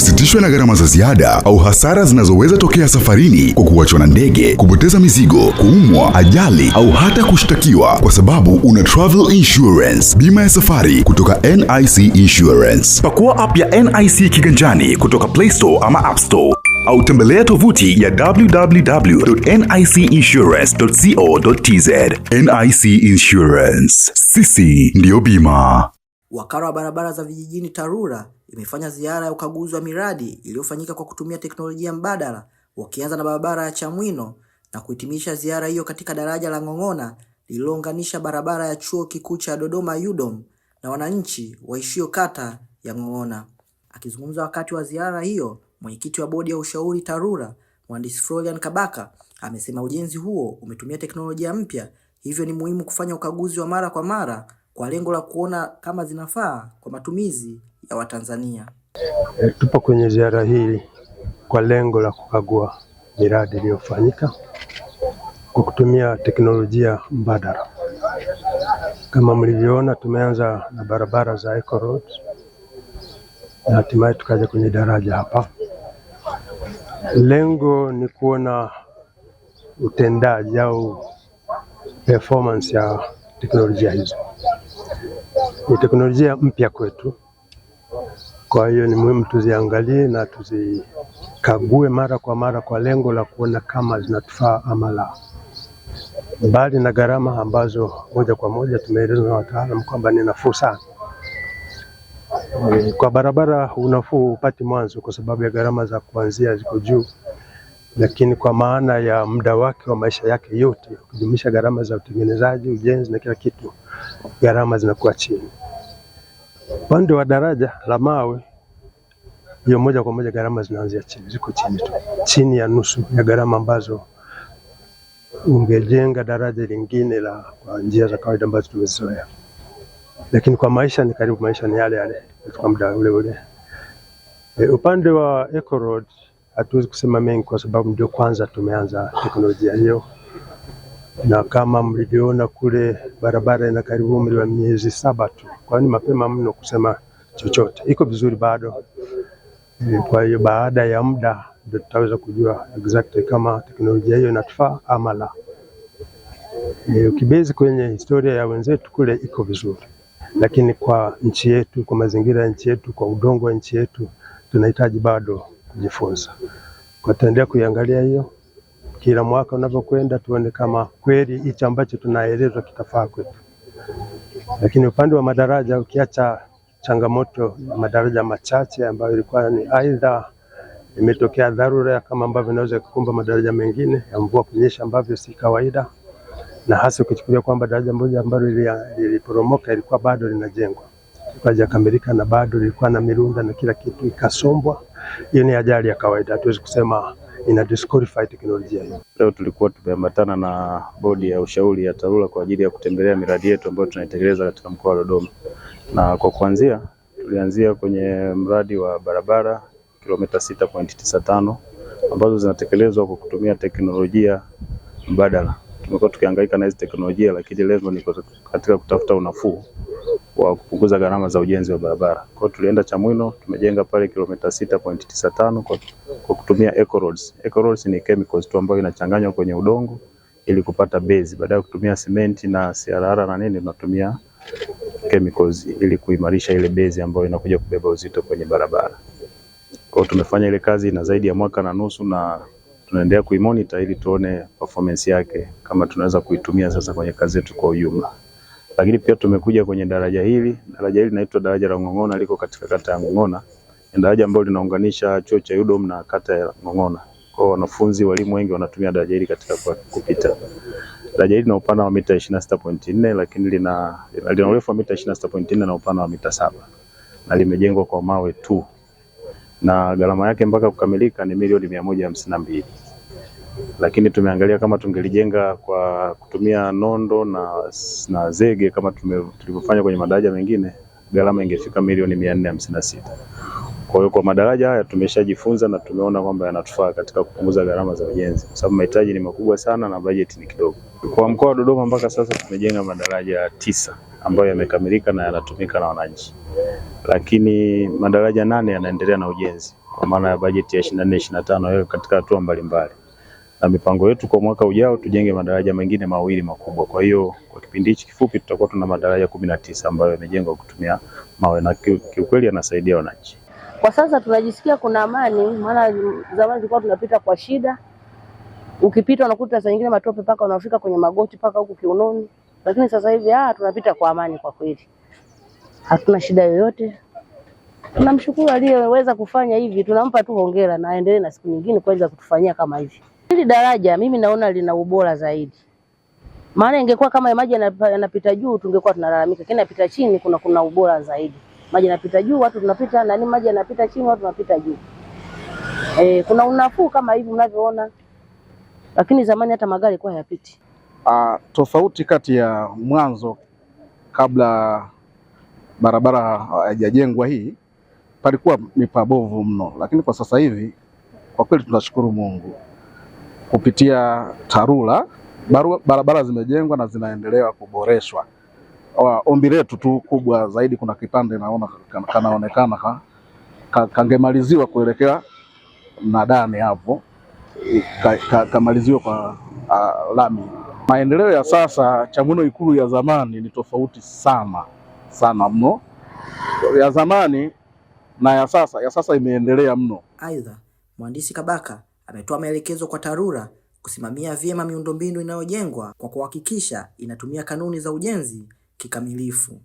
husitishwe na gharama za ziada au hasara zinazoweza tokea safarini kwa kuachwa na ndege, kupoteza mizigo, kuumwa, ajali au hata kushtakiwa, kwa sababu una travel insurance, bima ya safari kutoka NIC Insurance. Pakua app ya NIC kiganjani kutoka Play Store ama App Store au tembelea tovuti ya www.nicinsurance.co.tz. NIC Insurance, sisi ndiyo bima. Wakala wa barabara za vijijini TARURA imefanya ziara ya ukaguzi wa miradi iliyofanyika kwa kutumia teknolojia mbadala, wakianza na barabara ya Chamwino na kuhitimisha ziara hiyo katika daraja la Ng'ong'ona lililounganisha barabara ya Chuo Kikuu cha Dodoma UDOM na wananchi waishio kata ya Ng'ong'ona. Akizungumza wakati wa ziara hiyo, mwenyekiti wa bodi ya ushauri TARURA mhandisi Florian Kabaka amesema ujenzi huo umetumia teknolojia mpya, hivyo ni muhimu kufanya ukaguzi wa mara kwa mara kwa lengo la kuona kama zinafaa kwa matumizi ya Watanzania. E, tupo kwenye ziara hii kwa lengo la kukagua miradi iliyofanyika kwa kutumia teknolojia mbadala. Kama mlivyoona, tumeanza na barabara za Eco Road na hatimaye tukaja kwenye daraja hapa. Lengo ni kuona utendaji au performance ya teknolojia hizo. Ni teknolojia mpya kwetu kwa hiyo ni muhimu tuziangalie na tuzikague mara kwa mara kwa lengo la kuona kama zinatufaa ama la, mbali na gharama ambazo moja kwa moja tumeelezwa na wataalamu kwamba ni nafuu sana. Kwa barabara unafuu upati mwanzo, kwa sababu ya gharama za kuanzia ziko juu, lakini kwa maana ya muda wake wa maisha yake yote, ukijumlisha gharama za utengenezaji, ujenzi na kila kitu, gharama zinakuwa chini. Upande wa daraja la mawe hiyo, moja kwa moja gharama zinaanzia chini, ziko chini tu, chini ya nusu ya gharama ambazo ungejenga daraja lingine la kwa njia za kawaida ambazo tumezoea, lakini kwa maisha ni karibu, maisha ni yale yale kwa muda ule ule. E, upande wa Eco Road hatuwezi kusema mengi kwa sababu ndio kwanza tumeanza teknolojia hiyo na kama mlivyoona kule barabara ina karibu umri wa miezi saba tu, kwa hiyo ni mapema mno kusema chochote, iko vizuri bado. Eh, kwa hiyo baada ya muda ndio tutaweza kujua exactly kama teknolojia hiyo inatufaa ama la. E, ukibezi kwenye historia ya wenzetu kule iko vizuri, lakini kwa nchi yetu, kwa mazingira ya nchi yetu, kwa udongo wa nchi yetu tunahitaji bado kujifunza, kwa tutaendelea kuiangalia hiyo kila mwaka unavyokwenda, tuone kama kweli hicho ambacho tunaelezwa kitafaa kwetu. Lakini upande wa madaraja, ukiacha changamoto madaraja machache ambayo ilikuwa ni aidha imetokea dharura kama ambavyo inaweza kukumba madaraja mengine ya mvua kunyesha ambavyo si kawaida, na hasa ukichukulia kwamba daraja moja ambalo liliporomoka ilikuwa bado linajengwa hajakamilika, na bado lilikuwa na mirunda na kila kitu ikasombwa. Hiyo ni ajali ya kawaida, hatuwezi kusema ina disqualify teknolojia hiyo. Leo tulikuwa tumeambatana na bodi ya ushauri ya TARURA kwa ajili ya kutembelea miradi yetu ambayo tunaitekeleza katika mkoa wa Dodoma, na kwa kuanzia tulianzia kwenye mradi wa barabara kilomita 6.95 ambazo zinatekelezwa kwa kutumia teknolojia mbadala. Tumekuwa tukihangaika na hizi teknolojia, lakini lengo ni katika kutafuta unafuu wa kupunguza gharama za ujenzi wa barabara. Kwa hiyo tulienda Chamwino tumejenga pale kilomita 6.95 kwa, kwa kutumia Eco Roads. Eco Roads ni chemicals tu ambayo inachanganywa kwenye udongo ili kupata base. Baada ya kutumia simenti na siarara na nini tunatumia chemicals ili kuimarisha ile base ambayo inakuja kubeba uzito kwenye barabara. Kwa hiyo tumefanya ile kazi na zaidi ya mwaka na nusu na tunaendelea kuimonitor ili tuone performance yake kama tunaweza kuitumia sasa kwenye kazi yetu kwa ujumla. Lakini pia tumekuja kwenye daraja hili. Daraja hili linaitwa daraja la Ng'ong'ona, liko katika kata ya Ng'ong'ona. Ni daraja ambalo linaunganisha chuo cha UDOM na kata ya Ng'ong'ona. Kwa wanafunzi, walimu wengi wanatumia daraja hili katika kupita. Daraja hili lina upana wa mita 26.4 lakini lina lina urefu wa mita 26.4 na upana wa mita saba na limejengwa kwa mawe tu na gharama yake mpaka kukamilika ni milioni mia moja hamsini na mbili lakini tumeangalia kama tungelijenga kwa kutumia nondo na, na zege kama tulivyofanya kwenye madaraja mengine gharama ingefika milioni mia nne hamsini na sita. Kwa hiyo kwa madaraja haya tumeshajifunza na tumeona kwamba yanatufaa katika kupunguza gharama za ujenzi, kwa sababu mahitaji ni makubwa sana na bajeti ni kidogo. Kwa mkoa wa Dodoma mpaka sasa tumejenga madaraja tisa ambayo yamekamilika na yanatumika na wananchi, lakini madaraja nane yanaendelea na ujenzi kwa maana ya bajeti ya 24 25 katika hatua mbalimbali na mipango yetu kwa mwaka ujao tujenge madaraja mengine mawili makubwa. Kwa hiyo kwa kipindi hichi kifupi tutakuwa tuna madaraja kumi na tisa ambayo yamejengwa kutumia mawe na kiukweli yanasaidia wananchi. Kwa sasa tunajisikia kuna amani, maana zamani tulikuwa tunapita kwa shida, ukipita unakuta saa nyingine matope paka unafika kwenye magoti paka huku kiunoni, lakini sasa hivi ah, tunapita kwa amani kwa kweli, hatuna shida yoyote. Tunamshukuru aliyeweza kufanya hivi, tunampa tu hongera na aendelee na siku nyingine kuweza kutufanyia kama hivi. Hili daraja mimi naona lina ubora zaidi, maana ingekuwa kama maji yanapita juu tungekuwa tunalalamika, lakini yanapita chini, kuna kuna ubora zaidi. Maji yanapita juu watu tunapita nani, maji yanapita chini watu tunapita juu. E, kuna unafuu kama hivi mnavyoona, lakini zamani hata magari kwa hayapiti. Uh, tofauti kati ya mwanzo kabla barabara haijajengwa hii palikuwa ni pabovu mno, lakini kwa sasa hivi kwa kweli tunashukuru Mungu kupitia TARURA barabara zimejengwa na zinaendelea kuboreshwa. Ombi letu tu kubwa zaidi, kuna kipande naona kanaonekana ka, ka, kangemaliziwa kuelekea nadani hapo ka, ka, kwa lami. Maendeleo ya sasa chamwino, Ikulu ya zamani ni tofauti sana sana mno ya zamani na ya sasa. Ya sasa imeendelea mno. Aidha, mhandisi Kabaka Ametoa maelekezo kwa TARURA kusimamia vyema miundombinu inayojengwa kwa kuhakikisha inatumia kanuni za ujenzi kikamilifu.